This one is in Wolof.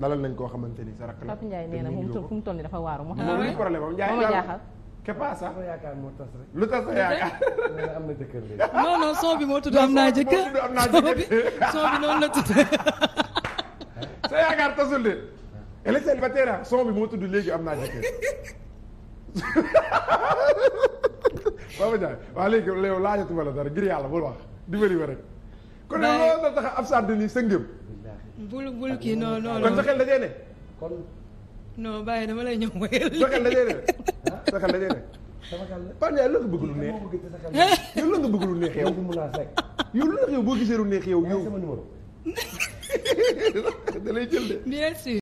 dalal nañ koo xamante ni sa rakk la. Pape Ndiaye nee na fu mu toll nii dafa waaru. moo tax problème am ma jaaxal. que passe ah. yaakaar moo am na jëkkër léegi. moo tudd am naa jëkkër. am naa la tudd. sa yaakaar tasul de. elle est célibataire ah son moo tudd léegi am naa jëkkër. Pape Ndiaye waaw léegi yow laajatuma la dara ngir yàlla bul wax dimbali ma rek. kon loolu la tax absent bul bul kii non non kon sa xel dajee ne. kon. non bàyyi dama lay ñëw wéyal. sa xel dajee ne sa xel dajee ne. sama xel la Pane la nga bëgg lu neex yow la nga bëgg lu neex yow. yow lu neex yow boo gisee lu neex yow yow. da jël de.